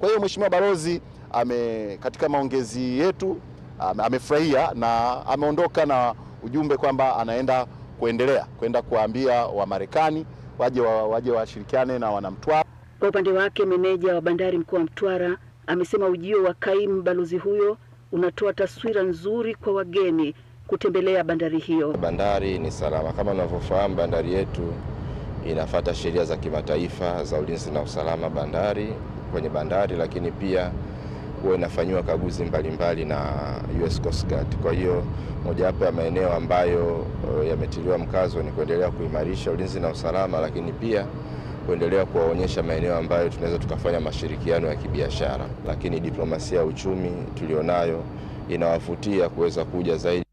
Kwa hiyo Mheshimiwa Balozi ame katika maongezi yetu amefurahia na ameondoka na ujumbe kwamba anaenda kuendelea kwenda kuwaambia Wamarekani waje waje washirikiane na wanamtwara. Kwa upande wake meneja wa bandari mkuu wa Mtwara amesema ujio wa kaimu balozi huyo unatoa taswira nzuri kwa wageni kutembelea bandari hiyo. Bandari ni salama kama unavyofahamu, bandari yetu inafata sheria za kimataifa za ulinzi na usalama bandari kwenye bandari, lakini pia huwa inafanyiwa kaguzi mbalimbali mbali na US Coast Guard. Kwa hiyo mojawapo ya maeneo ambayo eh, yametiliwa mkazo ni kuendelea kuimarisha ulinzi na usalama, lakini pia kuendelea kuwaonyesha maeneo ambayo tunaweza tukafanya mashirikiano ya kibiashara, lakini diplomasia ya uchumi tulionayo inawavutia kuweza kuja zaidi.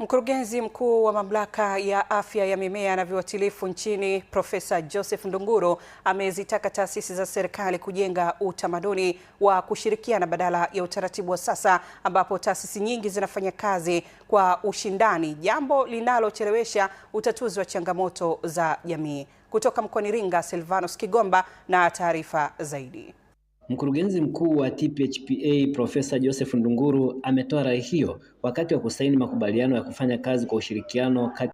Mkurugenzi mkuu wa mamlaka ya afya ya mimea na viuatilifu nchini Profesa Joseph Ndunguru amezitaka taasisi za serikali kujenga utamaduni wa kushirikiana badala ya utaratibu wa sasa ambapo taasisi nyingi zinafanya kazi kwa ushindani, jambo linalochelewesha utatuzi wa changamoto za jamii. Kutoka mkoani Iringa, Silvanus Kigomba na taarifa zaidi. Mkurugenzi mkuu wa TPHPA Profesa Joseph Ndunguru ametoa rai hiyo wakati wa kusaini makubaliano ya kufanya kazi kwa ushirikiano kati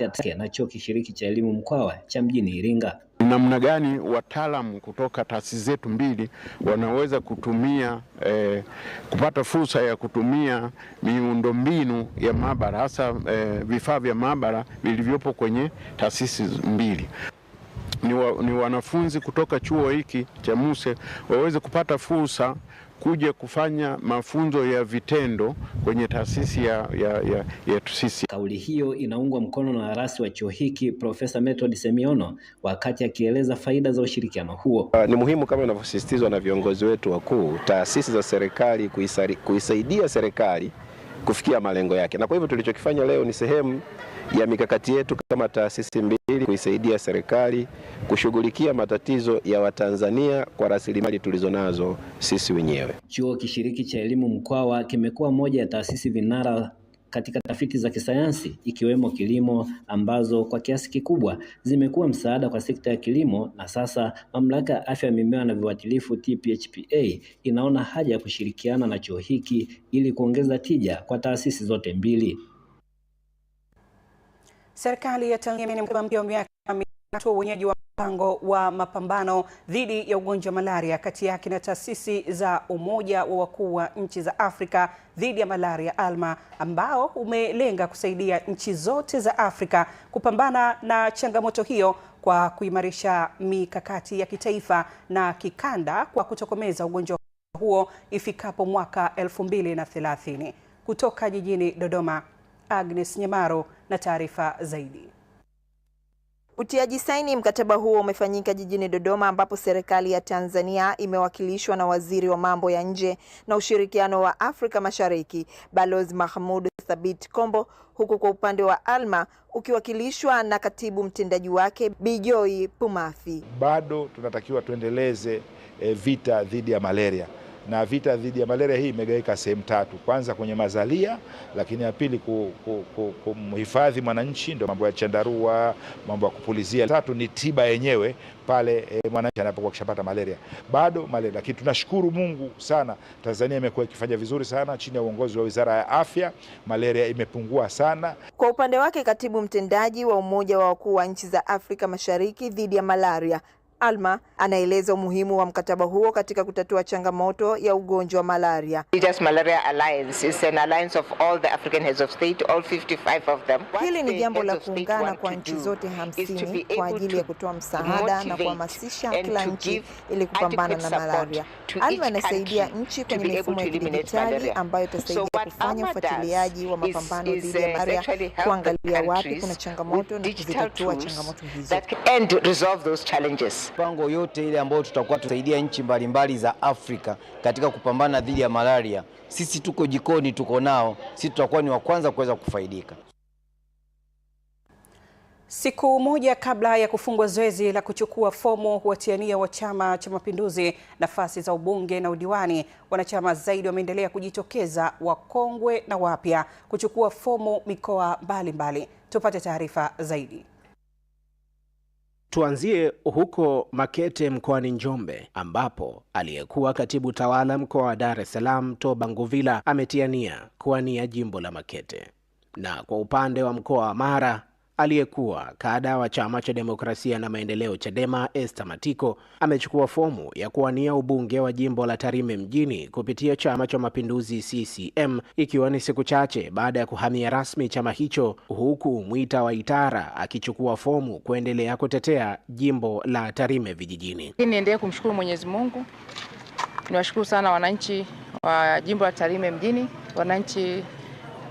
ya TASKIA na Chuo Kishiriki cha Elimu Mkwawa cha mjini Iringa. Ni namna gani wataalamu kutoka taasisi zetu mbili wanaweza kutumia eh, kupata fursa ya kutumia miundombinu ya maabara hasa eh, vifaa vya maabara vilivyopo kwenye taasisi mbili ni, wa, ni wanafunzi kutoka chuo hiki cha MUCE waweze kupata fursa kuja kufanya mafunzo ya vitendo kwenye taasisi ya, ya, ya, ya TUSISI. Kauli hiyo inaungwa mkono na rasi wa chuo hiki Profesa Method Semiono wakati akieleza faida za ushirikiano huo. Ah, ni muhimu kama inavyosisitizwa na viongozi wetu wakuu, taasisi za serikali kuisaidia serikali kufikia malengo yake. Na kwa hivyo tulichokifanya leo ni sehemu ya mikakati yetu kama taasisi mbili kuisaidia serikali kushughulikia matatizo ya Watanzania kwa rasilimali tulizonazo sisi wenyewe. Chuo Kishiriki cha Elimu Mkwawa kimekuwa moja ya taasisi vinara katika tafiti za kisayansi ikiwemo kilimo ambazo kwa kiasi kikubwa zimekuwa msaada kwa sekta ya kilimo, na sasa Mamlaka ya Afya ya Mimea na Viuatilifu TPHPA inaona haja ya kushirikiana na chuo hiki ili kuongeza tija kwa taasisi zote mbili. Serikali ya Tanzania imekuwa miaka mitatu wenyeji wa Mpango wa mapambano dhidi ya ugonjwa wa malaria kati yake na taasisi za Umoja wa wakuu wa nchi za Afrika dhidi ya malaria ALMA, ambao umelenga kusaidia nchi zote za Afrika kupambana na changamoto hiyo kwa kuimarisha mikakati ya kitaifa na kikanda kwa kutokomeza ugonjwa huo ifikapo mwaka 2030. Kutoka jijini Dodoma, Agnes nyamaro na taarifa zaidi. Utiaji saini mkataba huo umefanyika jijini Dodoma ambapo serikali ya Tanzania imewakilishwa na Waziri wa Mambo ya Nje na Ushirikiano wa Afrika Mashariki, Balozi Mahmoud Thabit Kombo, huku kwa upande wa Alma ukiwakilishwa na katibu mtendaji wake Bijoi Pumathi. Bado tunatakiwa tuendeleze eh, vita dhidi ya malaria na vita dhidi ya malaria hii imegawika sehemu tatu, kwanza kwenye mazalia, lakini ya pili kumhifadhi mwananchi, ndio mambo ya chandarua, mambo ya kupulizia. Tatu ni tiba yenyewe pale e, mwananchi anapokuwa kishapata malaria, bado malaria. Lakini tunashukuru Mungu sana, Tanzania imekuwa ikifanya vizuri sana chini ya uongozi wa Wizara ya Afya, malaria imepungua sana. Kwa upande wake, katibu mtendaji wa Umoja wa Wakuu wa Nchi za Afrika Mashariki dhidi ya malaria Alma anaeleza umuhimu wa mkataba huo katika kutatua changamoto ya ugonjwa wa malaria. Malaria Alliance is an alliance of all the African heads of state, all 55 of them. Hili ni jambo la kuungana kwa nchi zote hamsini kwa ajili ya kutoa msaada na kuhamasisha kila nchi ili kupambana na malaria. Alma anasaidia nchi kwenye mifumo ya kidijitali ambayo itasaidia kufanya ufuatiliaji wa mapambano dhidi ya uh, malaria, kuangalia wapi kuna changamoto na kuzitatua changamoto hizo mipango yote ile ambayo tutakuwa tusaidia nchi mbalimbali za Afrika katika kupambana dhidi ya malaria, sisi tuko jikoni, tuko nao, sisi tutakuwa ni wa kwanza kuweza kufaidika. Siku moja kabla ya kufungwa zoezi la kuchukua fomu kuwatiania wa Chama cha Mapinduzi nafasi za ubunge na udiwani, wanachama zaidi wameendelea kujitokeza, wakongwe na wapya, kuchukua fomu mikoa mbalimbali. Tupate taarifa zaidi. Tuanzie huko Makete mkoani Njombe ambapo aliyekuwa katibu tawala mkoa wa Dar es Salaam Toba Nguvila ametiania kuwania jimbo la Makete, na kwa upande wa mkoa wa Mara Aliyekuwa kada wa chama cha demokrasia na maendeleo Chadema, Esther Matiko amechukua fomu ya kuwania ubunge wa jimbo la Tarime mjini kupitia chama cha mapinduzi CCM, ikiwa ni siku chache baada ya kuhamia rasmi chama hicho, huku Mwita wa Itara akichukua fomu kuendelea kutetea jimbo la Tarime vijijini. Niendelee kumshukuru Mwenyezi Mungu, niwashukuru sana wananchi wa jimbo la Tarime mjini, wananchi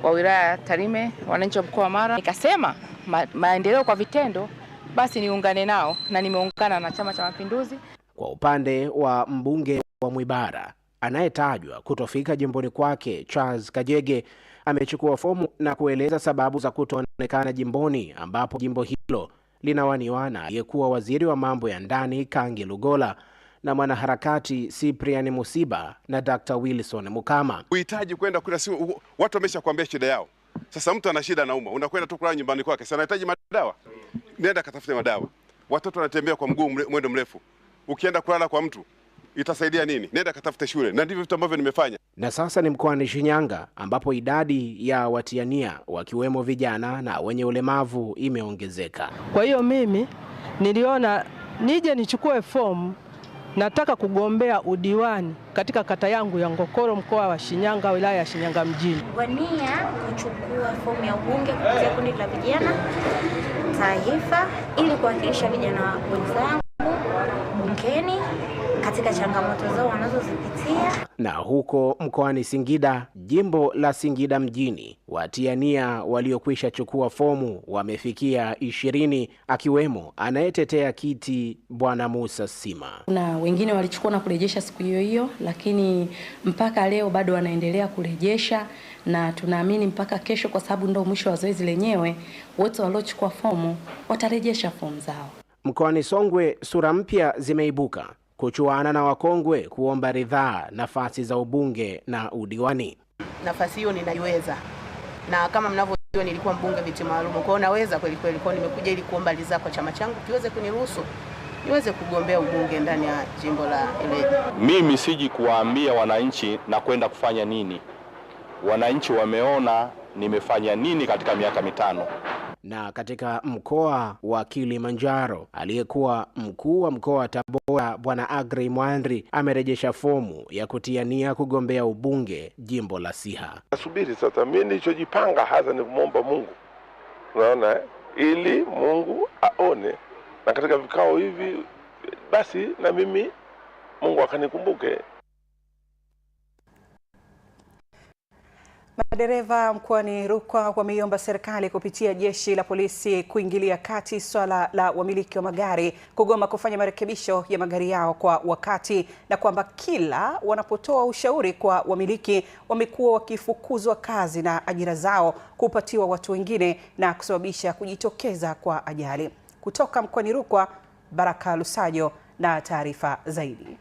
wa wilaya ya Tarime, wananchi wa mkoa wa Mara, nikasema ma, maendeleo kwa vitendo, basi niungane nao na nimeungana na Chama cha Mapinduzi. Kwa upande wa mbunge wa Mwibara anayetajwa kutofika jimboni kwake, Charles Kajege amechukua fomu na kueleza sababu za kutoonekana jimboni ambapo jimbo hilo linawaniwa na aliyekuwa waziri wa mambo ya ndani Kangi Lugola na mwanaharakati Cyprian Musiba na Dr. Wilson Mukama. Uhitaji kwenda kula, watu wameshakwambia shida yao. Sasa mtu ana shida, anauma, unakwenda tu kulala nyumbani kwake, sasa anahitaji madawa? Nenda katafute madawa. Watoto wanatembea kwa mguu mwendo mrefu, ukienda kulala kwa mtu itasaidia nini? Nenda katafute shule, na ndivyo vitu ambavyo nimefanya. Na sasa ni mkoani Shinyanga ambapo idadi ya watiania wakiwemo vijana na wenye ulemavu imeongezeka. Kwa hiyo mimi niliona nije nichukue fomu Nataka kugombea udiwani katika kata yangu ya Ngokoro, mkoa wa Shinyanga, wilaya ya Shinyanga mjini, wania kuchukua fomu ya ubunge kupitia kundi la vijana taifa, ili kuwakilisha vijana wenzangu bungeni katika changamoto zao wanazozipitia. Na huko mkoani Singida, jimbo la Singida mjini, watiania waliokwisha chukua fomu wamefikia ishirini, akiwemo anayetetea kiti Bwana Musa Sima. Kuna wengine walichukua na kurejesha siku hiyo hiyo, lakini mpaka leo bado wanaendelea kurejesha, na tunaamini mpaka kesho, kwa sababu ndo mwisho wa zoezi lenyewe, wote waliochukua fomu watarejesha fomu zao. Mkoani Songwe sura mpya zimeibuka kuchuana na wakongwe kuomba ridhaa nafasi za ubunge na udiwani. Nafasi hiyo ninaiweza, na kama mnavyojua nilikuwa mbunge viti maalum, kwa hiyo naweza kweli kweli. Kwa nimekuja ili kuomba ridhaa kwa chama changu kiweze kuniruhusu niweze kugombea ubunge ndani ya jimbo la Ileje. Mimi siji kuwaambia wananchi na kwenda kufanya nini. Wananchi wameona nimefanya nini katika miaka mitano. Na katika mkoa wa Kilimanjaro, aliyekuwa mkuu wa mkoa wa Tabora Bwana Agri Mwandri amerejesha fomu ya kutiania kugombea ubunge jimbo la Siha. Nasubiri sasa, mi nilichojipanga hasa ni kumwomba Mungu, unaona, ili Mungu aone, na katika vikao hivi basi na mimi Mungu akanikumbuke. Madereva mkoani Rukwa wameiomba serikali kupitia jeshi la polisi kuingilia kati swala la wamiliki wa magari kugoma kufanya marekebisho ya magari yao kwa wakati na kwamba kila wanapotoa ushauri kwa wamiliki wamekuwa wakifukuzwa kazi na ajira zao kupatiwa watu wengine na kusababisha kujitokeza kwa ajali. Kutoka mkoani Rukwa, Baraka Lusajo na taarifa zaidi.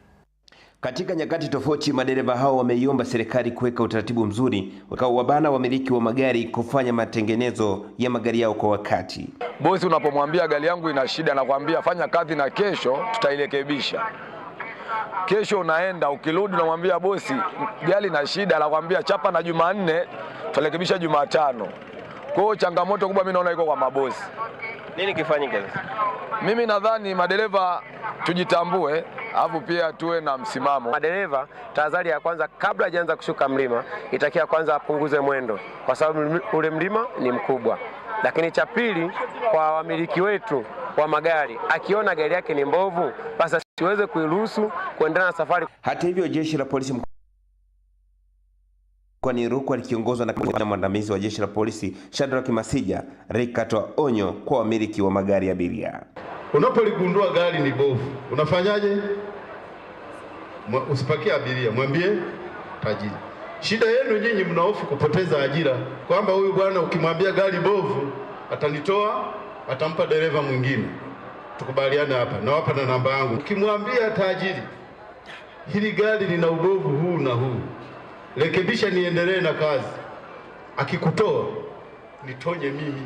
Katika nyakati tofauti, madereva hao wameiomba serikali kuweka utaratibu mzuri utakaowabana wamiliki wa magari kufanya matengenezo ya magari yao kwa wakati. Bosi unapomwambia gari yangu ina shida, nakwambia fanya kazi na kesho tutailekebisha Kesho unaenda ukirudi, unamwambia bosi gari na shida, nakwambia chapa na Jumanne tutarekebisha Jumatano. Kwa hiyo changamoto kubwa mimi naona iko kwa mabosi. Nini kifanyike sasa? Mimi nadhani madereva tujitambue alafu pia tuwe na msimamo. Madereva tahadhari ya kwanza, kabla hajaanza kushuka mlima, itakiwa kwanza apunguze mwendo, kwa sababu ule mlima ni mkubwa. Lakini cha pili, kwa wamiliki wetu wa magari, akiona gari yake ni mbovu, basi asiweze kuiruhusu kuendelea na safari. Hata hivyo, jeshi la polisi mkoani Rukwa likiongozwa na mwandamizi wa jeshi la polisi Shadrack Masija likatoa onyo kwa wamiliki wa magari ya abiria. Unapoligundua gari ni bovu, unafanyaje? Usipakie abiria, mwambie tajiri. Shida yenu nyinyi, mnahofu kupoteza ajira, kwamba huyu bwana ukimwambia gari bovu atanitoa, atampa dereva mwingine. Tukubaliane hapa, nawapa na namba yangu. Ukimwambia tajiri, hili gari lina ubovu huu na huu, rekebisha niendelee na kazi, akikutoa nitonye mimi.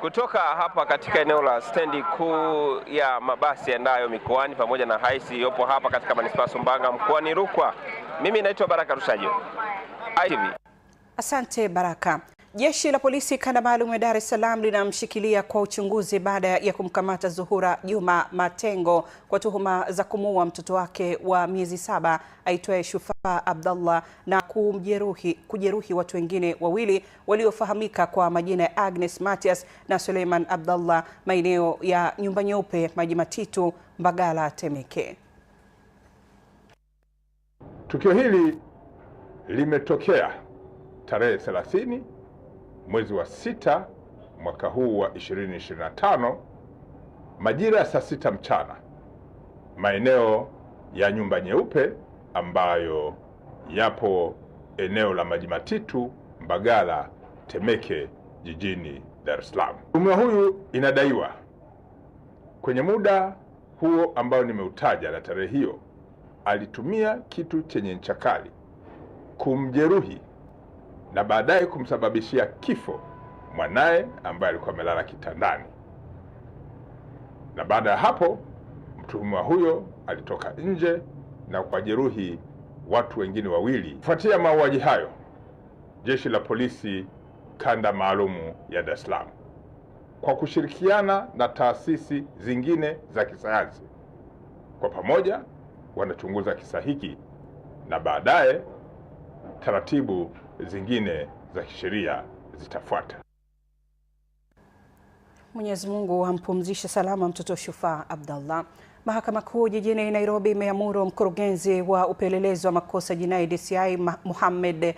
Kutoka hapa katika eneo la stendi kuu ya mabasi yaendayo mikoani pamoja na haisi iliyopo hapa katika manispaa Sumbawanga mkoani Rukwa, mimi naitwa Baraka Rushajo, ITV. Asante Baraka. Jeshi la polisi kanda maalum ya Dar es Salaam linamshikilia kwa uchunguzi baada ya kumkamata Zuhura Juma Matengo kwa tuhuma za kumuua mtoto wake wa miezi saba aitwaye Shufaa Abdallah na kumjeruhi kujeruhi watu wengine wawili waliofahamika kwa majina ya Agnes Matias na Suleiman Abdallah maeneo ya Nyumba Nyeupe, Maji Matitu, Mbagala, Temeke. Tukio hili limetokea tarehe 30 mwezi wa sita mwaka huu wa 2025 majira ya saa sita mchana maeneo ya Nyumba Nyeupe ambayo yapo eneo la Majimatitu, Mbagala, Temeke, jijini Dar es Salaam. Tuhumiwa huyu inadaiwa kwenye muda huo ambao nimeutaja na tarehe hiyo alitumia kitu chenye ncha kali kumjeruhi na baadaye kumsababishia kifo mwanaye ambaye alikuwa amelala kitandani. Na baada ya hapo mtuhumiwa huyo alitoka nje na jeruhi watu wengine wawili. Kufuatia mauaji hayo, jeshi la polisi kanda maalumu ya Dar es Salaam kwa kushirikiana na taasisi zingine za kisayansi, kwa pamoja wanachunguza kisa hiki na baadaye taratibu zingine za kisheria zitafuata. Mwenyezi Mungu ampumzishe salama mtoto Shufaa Abdallah. Mahakama Kuu jijini Nairobi imeamuru mkurugenzi wa upelelezi wa makosa jinai DCI Mohamed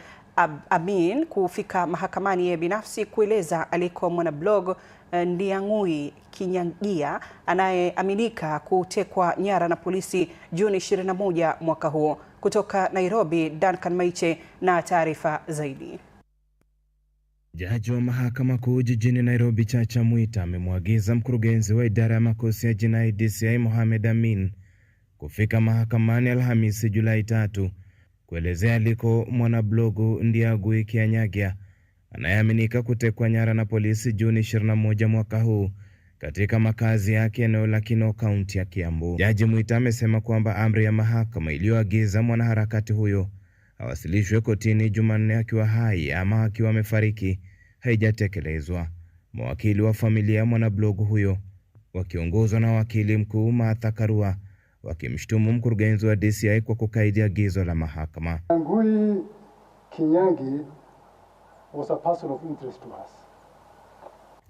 Amin kufika mahakamani yeye binafsi kueleza aliko mwanablog eh, Ndiang'ui Kinyangia anayeaminika kutekwa nyara na polisi Juni 21 mwaka huo. Kutoka Nairobi, Duncan Maiche na taarifa zaidi. Jaji wa mahakama kuu jijini Nairobi, Chacha Mwita, amemwagiza mkurugenzi wa idara ya makosi ya jinai DCI Mohamed Amin kufika mahakamani Alhamisi Julai tatu kuelezea aliko mwanablogu Ndiagui Kianyagia anayeaminika kutekwa nyara na polisi Juni 21 mwaka huu katika makazi yake eneo la Kinoo, kaunti ya Kiambu. Jaji Mwita amesema kwamba amri ya mahakama iliyoagiza mwanaharakati huyo awasilishwe kotini Jumanne akiwa hai ama akiwa amefariki haijatekelezwa. Mawakili wa familia ya mwanablogu huyo wakiongozwa na wakili mkuu Martha Karua wakimshtumu mkurugenzi wa DCI kwa kukaidi agizo la mahakama. Wangui Kinyangi was a person of interest to us.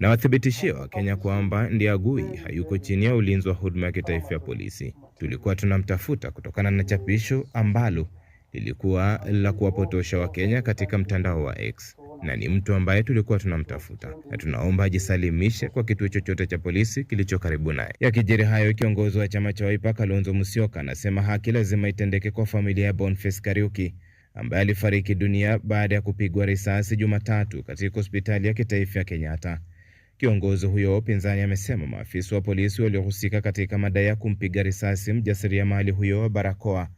Nawathibitishia Wakenya kwamba Ndiagui hayuko chini ya ulinzi wa huduma ya kitaifa ya polisi. Tulikuwa tunamtafuta kutokana na chapisho ambalo lilikuwa la kuwapotosha Wakenya katika mtandao wa X, na ni mtu ambaye tulikuwa tunamtafuta na tunaomba ajisalimishe kwa kituo chochote cha polisi kilicho karibu naye. Yakijiri hayo, kiongozi wa chama cha Wiper Kalonzo Musyoka anasema haki lazima itendeke kwa familia ya Boniface Kariuki ambaye alifariki dunia baada ya kupigwa risasi Jumatatu katika hospitali ya kitaifa ya Kenyatta. Kiongozi huyo wa upinzani amesema maafisa wa polisi waliohusika katika madai ya kumpiga risasi mjasiriamali huyo wa barakoa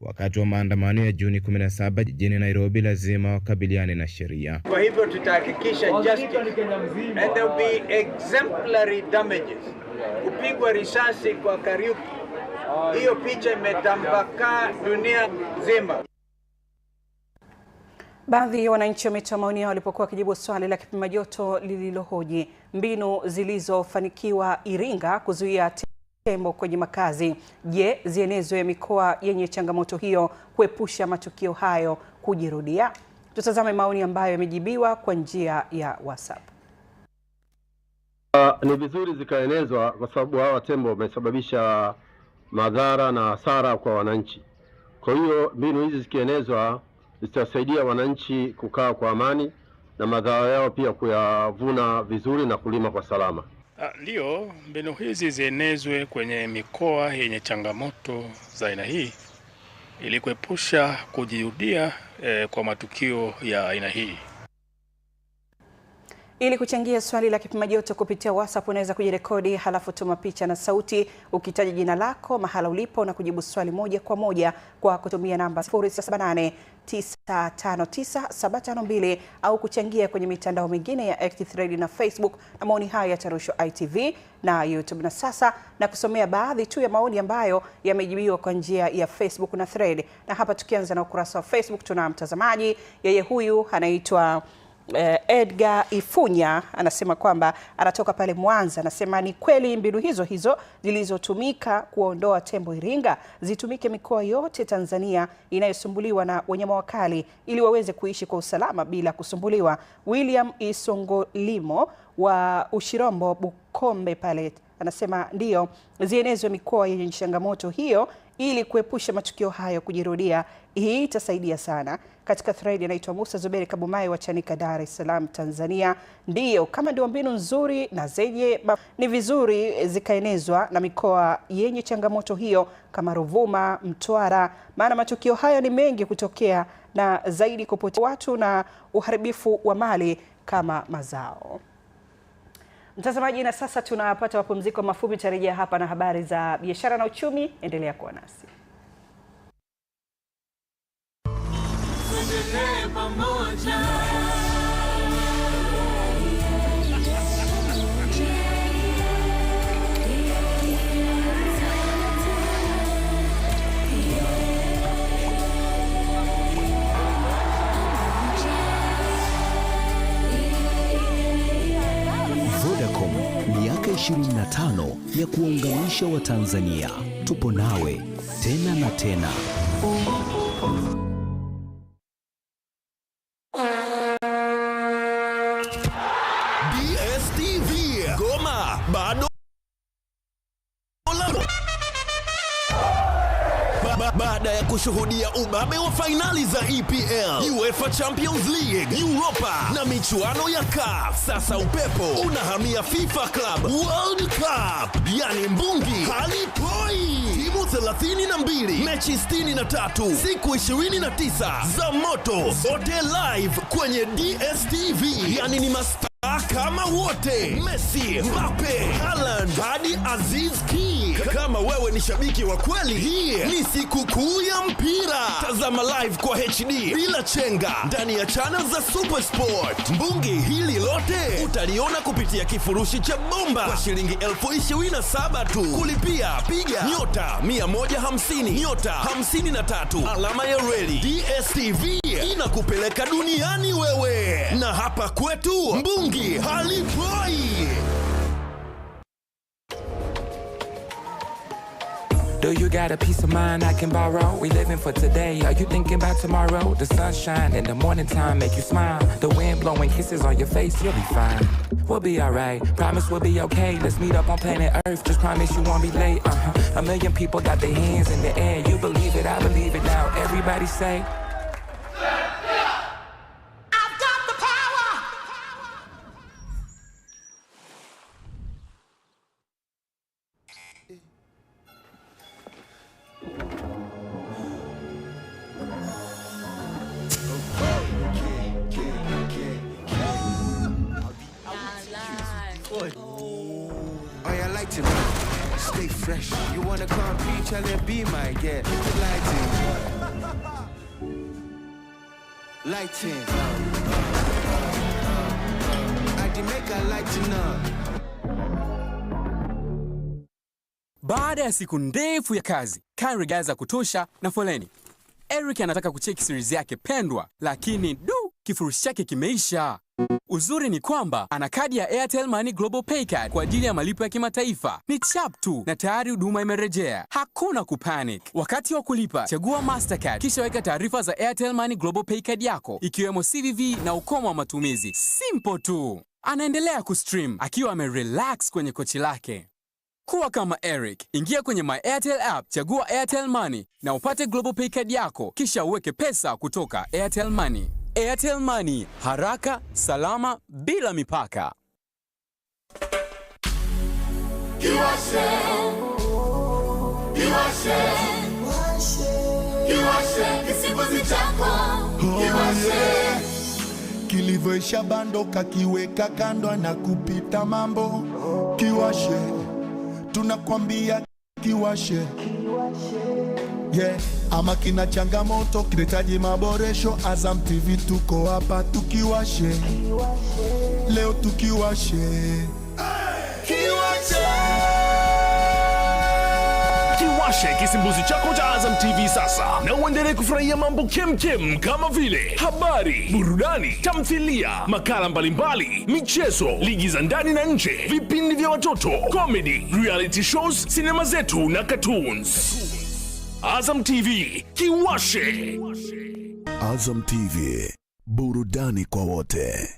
wakati wa maandamano ya Juni 17 jijini Nairobi lazima wakabiliane na sheria. Kwa hivyo tutahakikisha justice and there will be exemplary damages. Kupigwa risasi kwa Kariuki, hiyo picha imetambakaa dunia nzima. Baadhi ya wananchi wametoa maoni yao walipokuwa wakijibu swali la kipima joto lililohoji mbinu zilizofanikiwa Iringa kuzuia tembo kwenye makazi. Je, zienezwe mikoa yenye changamoto hiyo kuepusha matukio hayo kujirudia? Tutazame maoni ambayo yamejibiwa kwa njia ya WhatsApp. Uh, ni vizuri zikaenezwa kwa sababu hawa tembo wamesababisha madhara na hasara kwa wananchi. Kwa hiyo mbinu hizi zikienezwa litawasaidia wananchi kukaa kwa amani na mazao yao pia kuyavuna vizuri na kulima kwa salama. Ah, Ndiyo, mbinu hizi zienezwe kwenye mikoa yenye changamoto za aina hii ili kuepusha kujirudia eh, kwa matukio ya aina hii. Ili kuchangia swali la kipima joto kupitia WhatsApp, unaweza kujirekodi halafu tuma picha na sauti ukitaja jina lako, mahala ulipo na kujibu swali moja kwa moja kwa kutumia namba 0789559752 au kuchangia kwenye mitandao mingine ya X-Thread na Facebook, na maoni haya yatarushwa ITV na YouTube. Na sasa na kusomea baadhi tu ya maoni ambayo yamejibiwa kwa njia ya Facebook na Thread, na hapa tukianza na ukurasa wa Facebook tuna mtazamaji, yeye huyu anaitwa eh, Edgar Ifunya anasema kwamba anatoka pale Mwanza, anasema ni kweli mbinu hizo hizo zilizotumika kuondoa tembo Iringa zitumike mikoa yote Tanzania inayosumbuliwa na wanyama wakali ili waweze kuishi kwa usalama bila kusumbuliwa. William Isongolimo wa Ushirombo Bukombe pale anasema ndiyo, zienezwe mikoa yenye changamoto hiyo ili kuepusha matukio hayo kujirudia. Hii itasaidia sana katika thread anaitwa Musa Zuberi kabumai wa Chanika, Dar es Salaam, Tanzania. Ndiyo, kama ndio mbinu nzuri na zenye ni vizuri zikaenezwa na mikoa yenye changamoto hiyo kama Ruvuma, Mtwara, maana matukio hayo ni mengi kutokea na zaidi kupotea watu na uharibifu wa mali kama mazao. Mtazamaji, na sasa tunapata mapumziko mafupi, tarejea hapa na habari za biashara na uchumi. Endelea kuwa nasi. Tuendelee pamoja Vodacom, miaka 25 ya kuwaunganisha Watanzania. Tupo nawe tena na tena. DSTV Goma Bado kushuhudia ubabe wa fainali za EPL, UEFA Champions League, Europa na michuano ya CAF. Sasa upepo unahamia FIFA Club World Cup, yani mbungi halipoi. Timu 32, mechi 63, siku 29 za moto, zote live kwenye DStv, yani ni masta kama wote Messi, Mbappe, Haaland hadi Aziz Ki kama wewe ni shabiki wa kweli, hii yeah, ni sikukuu ya mpira. Tazama live kwa HD bila chenga ndani ya channel za Super Sport. Mbungi, hili lote utaliona kupitia kifurushi cha bomba kwa shilingi 27 tu. Kulipia piga nyota 150 nyota 53 alama ya reli. DSTV inakupeleka duniani wewe, na hapa kwetu Mbungi halipoi. Do you got a piece of mind I can borrow? We living for today. Are you thinking about tomorrow? The sunshine in the morning time make you smile. The wind blowing kisses on your face, you'll be fine. We'll be alright. Promise we'll be okay. Let's meet up on planet Earth. Just promise you won't be late. Uh-huh. A million people got their hands in the air. You believe it, I believe it now. Everybody say. lighting. I can make a lighting up. Baada ya siku ndefu ya kazi, kari gaza kutosha na foleni, Eric anataka kucheki series yake pendwa, lakini du kifurushi chake kimeisha. Uzuri ni kwamba ana kadi ya Airtel Money Global paycard kwa ajili ya malipo ya kimataifa. Ni chap tu na tayari huduma imerejea, hakuna kupanic. Wakati wa kulipa, chagua Mastercard kisha weka taarifa za Airtel Money Global Paycard yako ikiwemo CVV na ukomo wa matumizi. Simple tu. Anaendelea kustream akiwa amerelax kwenye kochi lake. Kuwa kama Eric, ingia kwenye My Airtel app, chagua Airtel Money na upate Global paycad yako, kisha uweke pesa kutoka Airtel Money. Airtel Money, haraka, salama, bila mipaka. Kilivyoisha bando kakiweka kando na kupita mambo. Kiwashe, tunakwambia kiwashe, yeah ama kina changamoto kinahitaji maboresho. Azam TV tuko hapa tukiwashe, leo tukiwashe Kiwashe kisimbuzi chako cha Azam TV sasa na uendelee kufurahia mambo kemkem kama vile habari, burudani, tamthilia, makala mbalimbali, michezo, ligi za ndani na nje, vipindi vya watoto, comedy, reality shows, sinema zetu na cartoons. Azam TV kiwashe. Azam TV burudani kwa wote.